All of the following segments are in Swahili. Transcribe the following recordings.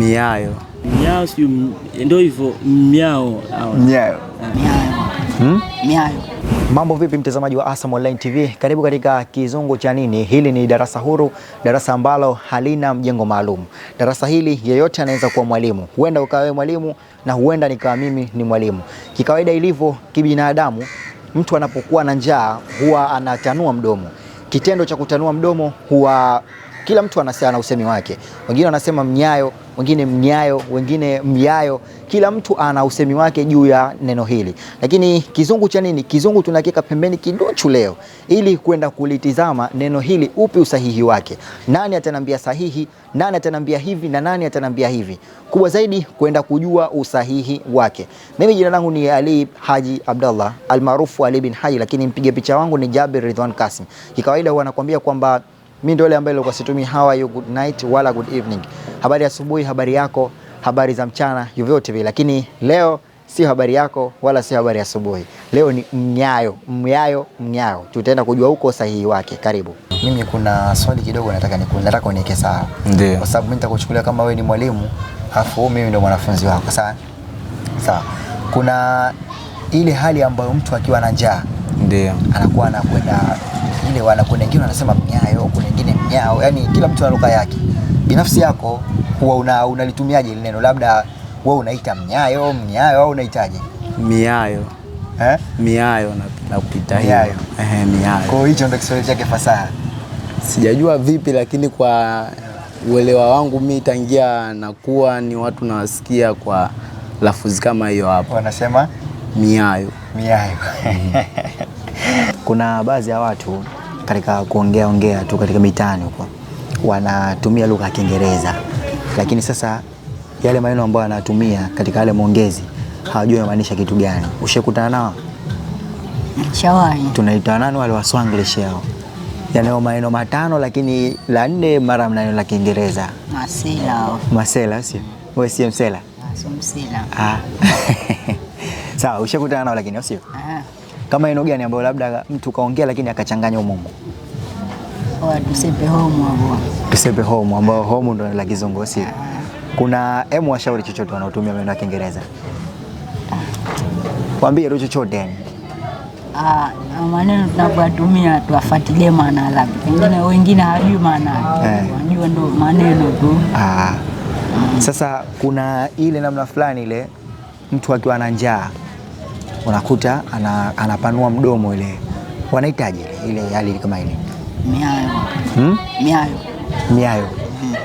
Miayo. Miayo si ndio hivyo Miayo. Miayo. Hmm? Miayo. Mambo vipi mtazamaji wa Asam Online TV? Karibu katika Kizungu cha Nini. Hili ni darasa huru, darasa ambalo halina mjengo maalum. Darasa hili yeyote anaweza kuwa mwalimu. Huenda ukawa mwalimu na huenda nikawa mimi ni mwalimu. Kikawaida ilivyo kibinadamu, mtu anapokuwa na njaa huwa anatanua mdomo. Kitendo cha kutanua mdomo huwa kila mtu ana usemi wake, wengine wanasema mnyayo, wengine mnyayo, wengine myayo. Kila mtu ana usemi wake juu ya neno hili, lakini kizungu cha nini? Kizungu tunakiweka pembeni kiduchu leo, ili kwenda kulitizama neno hili, upi usahihi wake, nani atanambia sahihi, nani atanambia hivi na nani atanambia hivi, kubwa zaidi kwenda kujua usahihi wake. Mimi jina langu ni Ali Haji Abdallah almaarufu Ali bin Haji, lakini mpiga picha wangu ni Jabir Ridwan Kasim. Kikawaida huwa anakuambia kwamba mimi ndio yule ambaye nilikuwa situmi how are you good night wala good evening. Habari ya asubuhi, habari yako, habari za mchana, vyovyote vile. Lakini leo si habari yako wala si habari ya asubuhi. Leo ni mnyayo, mnyayo, mnyayo. Tutaenda kujua huko sahihi wake. Karibu. Mimi kuna swali kidogo nataka nikuulize, nataka unieke sawa. Ndio. Kwa sababu mimi nitakuchukulia kama wewe ni mwalimu, afu mimi ndio mwanafunzi wako. Sawa? Sawa. Kuna ile hali ambayo mtu akiwa na njaa ndio anakuwa anakwenda ile, kuna wengine wanasema Mnyayo, kuna wengine Mnyao, yani kila mtu ana lugha yake binafsi yako. Huwa una unalitumiaje ile neno? Labda wewe unaita Mnyayo Mnyayo au unaitaje Miayo? Eh, Miayo na kupita hiyo eh, Miayo. Kwa hiyo hicho ndio Kiswahili chake fasaha, sijajua vipi, lakini kwa uelewa wangu mi tangia nakuwa ni watu nawasikia kwa lafuzi kama hiyo hapo wanasema miayo miayo kuna baadhi ya watu katika kuongea ongea tu katika mitaani huko wanatumia lugha ya Kiingereza, lakini sasa yale maneno ambayo anatumia katika yale maongezi hawajui yanamaanisha kitu gani. Ushakutana nao? Shawahi. Tunaita nani wale wa Swanglish yao, yanayo maneno matano lakini la nne mara mnaneno la Kiingereza. Masela. Masela sio? Wewe si msela? Ah, so msela. Ah. Sawa, ushakutana nao lakini sio? Ah. Kama neno gani ambayo labda mtu kaongea lakini akachanganya umumu? Tusepe homu ambao. homu ambao ndo la Kizungu sio? Ah. Kuna emu washauri chochote wanaotumia maneno ya Kiingereza? Kwambie ro chochote yani. Ah, maneno tunapotumia tuwafuatilie maana labda. Pengine wengine hawajui maana eh. Wanajua ndo maneno tu. Ah. Sasa kuna ile namna fulani ile mtu akiwa na njaa unakuta ana, anapanua mdomo ile wanahitaji ile hali kama ile miayo hmm? miayo miayo hmm.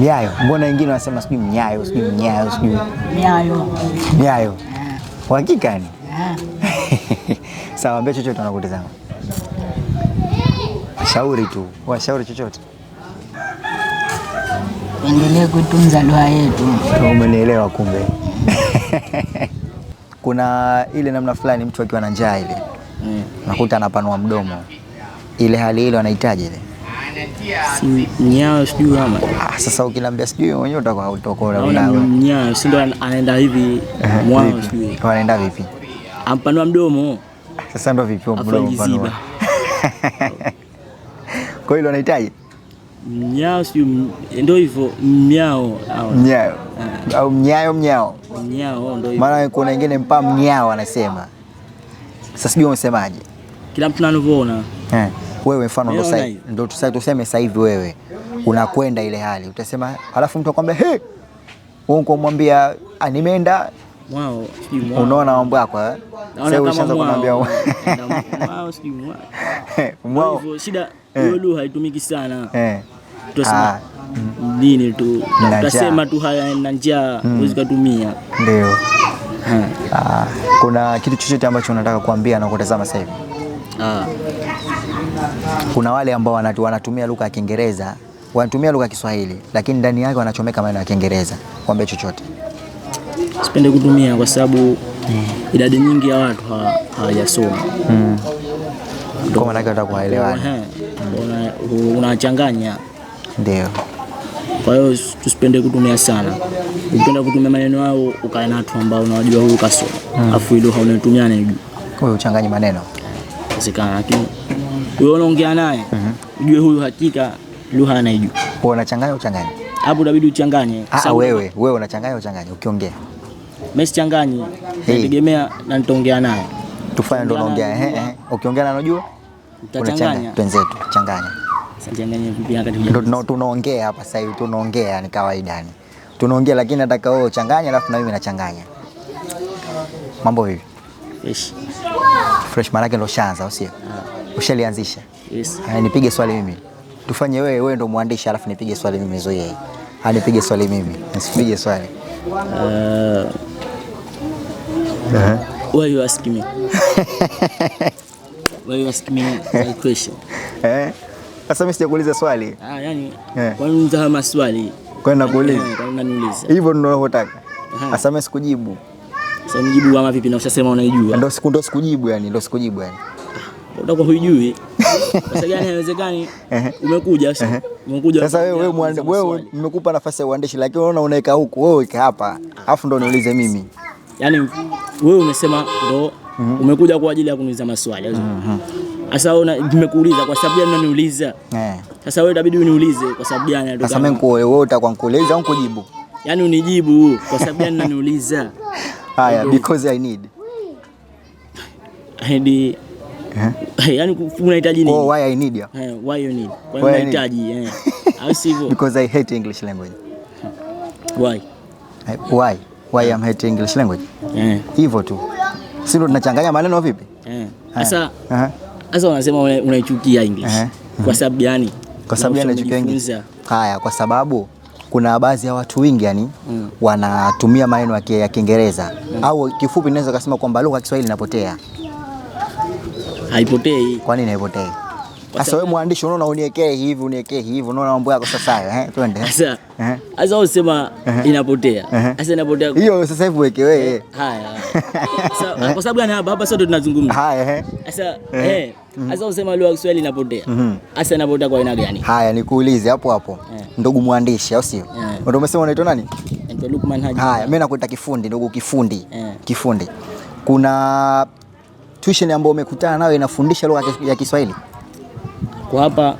miayo mbona wengine wanasema sijui mnyayo sijui mnyayo sijui miayo miayo eh. uhakika ni eh. sawa, ambia chochote wanakutazama, shauri tu, washauri chochote, endelee kutunza ndoa yetu. Umenielewa kumbe? Hmm. kuna ile namna fulani mtu akiwa na njaa ile mm. nakuta anapanua mdomo, ile hali ile wanahitaji ile si nyao sijui ama ah, sasa ukinambia sijui mwenyewe utakuwa utokola mlawe nyao si ndo anaenda hivi mwao sijui anaenda vipi, ampanua mdomo sasa ndo vipi mdomo kwa hiyo anahitaji mnyao sijui ndo hivyo mnyao mnyao ah. au mnyao mnyao mnyao, ndo hivyo. Maana kuna wengine mpaa mnyao anasema. Sasa sijui umesemaje, kila mtu anavyoona eh. Wewe mfano ndo sasa ndo ndio tuseme sasa hivi wewe unakwenda ile hali utasema, halafu mtu akwambia he, wewe uko mwambia ah, nimeenda wao, sijui unaona mambo yako eh. Sasa ushaanza kumwambia wao, sijui mwao wao, shida hiyo lugha haitumiki sana eh tutasema nini tu, tutasema tu haya na njaa huwezi kutumia. Ndio. Kuna kitu chochote ambacho unataka kuambia na kutazama sasa hivi? Kuna wale ambao wanatumia lugha ya Kiingereza, wanatumia lugha ya Kiswahili lakini ndani yake wanachomeka maneno ya Kiingereza. Kuambia chochote? Sipende kutumia kwa sababu mm. idadi nyingi ya watu hawajasoma mm. kwa maana yake watakuelewana, unachanganya ndio. Kwa hiyo tusipende kutumia sana. Ukipenda kutumia maneno hayo ukae na watu ambao unawajua, huyu kasoma, hmm. afu ile haunatumia neno juu. Kwa hiyo uchanganye maneno. Sikana lakini wewe unaongea naye, hmm. ujue huyu hakika lugha anaijua. Kwa unachanganya uchanganye. Hapo inabidi uchanganye. Ah, wewe wewe unachanganya uchanganye ukiongea. Mimi sichanganye, nategemea na nitaongea naye. Tufanye ndo naongea, eh eh. Ukiongea na unajua? Utachanganya. Penzetu, changanya. Ndio tunaongea hapa sasa hivi, tunaongea ni kawaida, ni tunaongea, lakini nataka wewe uchanganye, alafu na mimi nachanganya mambo hivi fresh fresh, maana yake ndio sio ah. ushalianzisha. Yes. Ah, nipige swali mimi, tufanye wewe wewe ndo mwandishi, alafu nipige swali mimi zoe hii ah, anipige swali mimi, nisipige swali uh, uh-huh. Why you ask me? Why you ask me my question? Eh? Sasa mimi sijakuuliza swali. Ah, yani eh. Kwa nini unataka maswali? Kwa nini nakuuliza? Eh, kwa nini unaniuliza? Hivyo ndio unataka. Sasa mimi sikujibu. Sasa nijibu kama vipi na ushasema unaijua? Ndio siku ndio sikujibu yani, ndio sikujibu yani. Ah, unataka hujui. Sasa gani haiwezekani? Umekuja sasa. Umekuja. Sasa wewe wewe wewe nimekupa nafasi ya uandishi lakini unaona unaeka huku, wewe weka hapa. Alafu ndio niulize mimi. Yaani wewe umesema ndo mhm. umekuja kwa ajili ya kuniuliza maswali. Sasa wewe nimekuuliza kwa sababu gani unaniuliza? Eh. Sasa wewe inabidi uniulize kwa sababu gani? Sasa mimi wewe utakuwa nikuuliza au nikujibu? Yaani unijibu kwa sababu gani unaniuliza? Haya, because I need. I need. Eh? Yaani unahitaji nini? Oh, why I need ya? Eh, why you need? Kwa nini unahitaji? Eh. Au sivyo? Because I hate English language. Why? Eh, why? Why I'm hate English language? Eh. Hivyo tu. Sio tunachanganya maneno vipi? Eh. eh. Sasa Eh. Sasa unasema unaichukia English. Kwa sababu gani? Kwa sababu gani unaichukia English? Haya, kwa sababu kuna baadhi ya watu wengi yani mm. wanatumia maneno ya Kiingereza mm. au kifupi naweza kusema kwamba lugha ya Kiswahili inapotea. Haipotei. Kwa nini haipotei? Sasa wewe mwandishi, unaona uniekee hivi uniekee hivi, unaona mambo yako sasa. Eh, twende sasa. Eh. Sasa usema eh. inapotea, eh. sasa inapotea hiyo. Sasa hivi weke wewe haya, Sasa ah, kwa sababu gani hapa, sio ndo tunazungumza haya. eh. Sasa eh, mm-hmm. sasa usema lugha ya Kiswahili inapotea, mm-hmm. sasa inapotea kwa aina gani? Haya, nikuulize hapo hapo, ndugu mwandishi, au sio? Ndio umesema unaitwa nani? Naitwa Lukman Haji. Haya, mimi nakuita kifundi, ndugu kifundi, kifundi, kuna tuition ambayo umekutana nayo inafundisha lugha ya Kiswahili? kwa hapa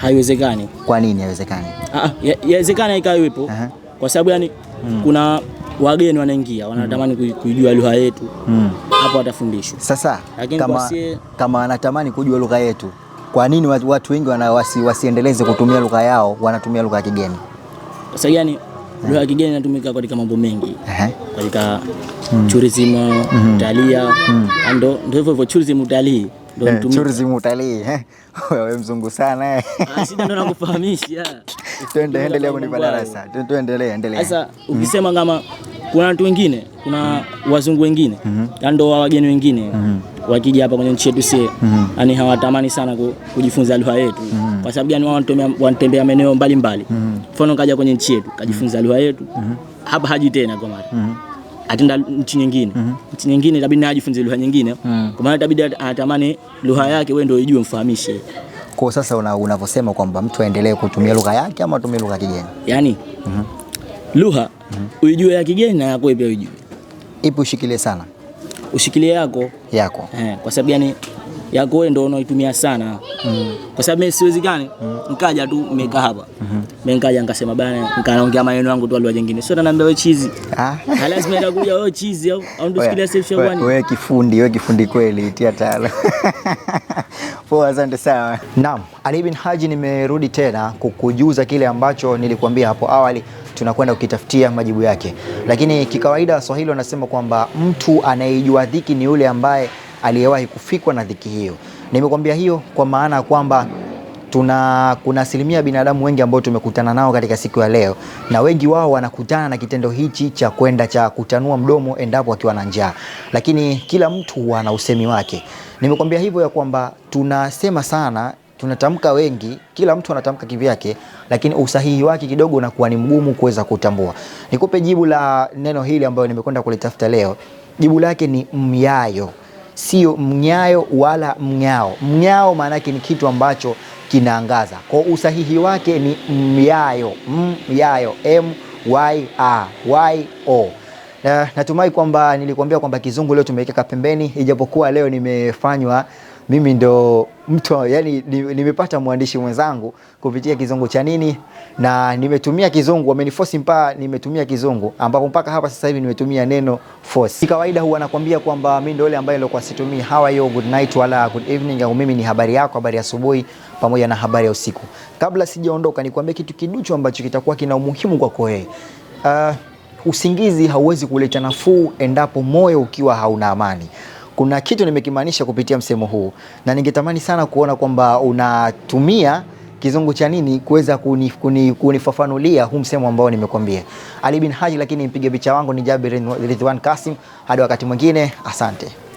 haiwezekani. Kwa nini haiwezekani? Ah, ah, Yawezekana ikawa ipo uh -huh. Kwa sababu yani mm. kuna wageni wanaingia wanatamani mm. kujua lugha yetu mm. hapo watafundishwa. Sasa kama, sie... kama wanatamani kujua lugha yetu, kwa nini watu wengi wasi, wasiendeleze kutumia lugha yao, wanatumia lugha ya kigeni? Kwa sababu yani eh. lugha ya kigeni inatumika katika mambo mengi katika hmm. tourism, hmm. utalii, hmm. ah, ndo hivyo hivyo tourism, utalii Tourism eh, utalii eh. Wewe mzungu sana eh. Ah, ndo nakufahamisha. Twende endelea kunipa darasa. Tuendelee endelea. Sasa mm-hmm. ukisema kama kuna watu wengine, kuna mm-hmm. wazungu wengine mm mm-hmm. yaani ndo wa wageni wengine wakija hapa kwenye nchi yetu sie mm yani hawatamani sana kujifunza lugha yetu kwa sababu gani? Wao wanatembea maeneo mbalimbali, mfano kaja kwenye nchi yetu kajifunza lugha yetu hapa haji tena kwa mara atenda nchi nyingine mm -hmm. nchi nyingine itabidi naye ajifunze lugha nyingine mm. kwa maana itabidi atamani lugha yake wewe ndio ijue mfahamishe. Kwa sasa unavyosema kwamba mtu aendelee kutumia lugha yake ama atumie lugha kigeni yani, mm -hmm. lugha mm -hmm. uijue ya kigeni na yako pia uijue ipi, ushikilie sana, ushikilie yako yako eh, kwa sababu yani yako wewe ndio unaitumia sana mm. kwa sababu mimi siwezi gani mm. nikaja tu nimekaa hapa mm mimi nikaja nikasema bana, nikaongea maneno yangu tu alwa wengine. sio ananiambia wewe chizi ah, lazima nitakuja wewe chizi au au ndio sikilia safe shawani wewe, kifundi wewe, kifundi kweli, tia tala poa. Asante sana. Naam, Ali bin Haji, nimerudi tena kukujuza kile ambacho nilikuambia hapo awali tunakwenda kukitafutia majibu yake, lakini kikawaida Waswahili wanasema kwamba mtu anayejua dhiki ni yule ambaye aliyewahi kufikwa na dhiki hiyo. Nimekwambia hiyo kwa maana ya kwamba tuna kuna asilimia binadamu wengi ambao tumekutana nao katika siku ya leo, na wengi wao wanakutana na kitendo hichi cha kwenda cha kutanua mdomo endapo akiwa na njaa, lakini kila mtu ana usemi wake. Nimekwambia hivyo ya kwamba tunasema sana, tunatamka wengi, kila mtu anatamka kivyake, lakini usahihi wake kidogo unakuwa ni mgumu kuweza kutambua. Nikupe jibu la neno hili ambayo nimekwenda kulitafuta leo, jibu lake ni myayo sio mnyayo wala mng'ao. Mng'ao maana ni kitu ambacho kinaangaza, kwa usahihi wake ni myayo, myayo, m y a y o. Na, natumai kwamba nilikuambia kwamba kizungu leo tumeweka pembeni, ijapokuwa leo nimefanywa mimi ndo mtu yani, nimepata mwandishi mwenzangu kupitia Kizungu cha Nini, na nimetumia Kizungu, ameniforce mpaka nimetumia Kizungu, ambapo mpaka hapa sasa hivi nimetumia neno force. Kawaida huwa nakwambia kwamba mimi ndo yule ambaye nilikuwa situmii how are you, good night wala good evening, au mimi ni habari yako, habari ya asubuhi pamoja na habari ya usiku. Kabla sijaondoka, nikwambie kitu kiduchu ambacho kitakuwa kina umuhimu kwako wewe. Uh, usingizi hauwezi kuleta nafuu endapo moyo ukiwa hauna amani kuna kitu nimekimaanisha kupitia msemo huu, na ningetamani sana kuona kwamba unatumia kizungu cha nini kuweza kunifafanulia huu msemo ambao nimekwambia. Ali bin Haji, lakini mpiga picha wangu ni Jabir Ridwan Kasim. Hadi wakati mwingine, asante.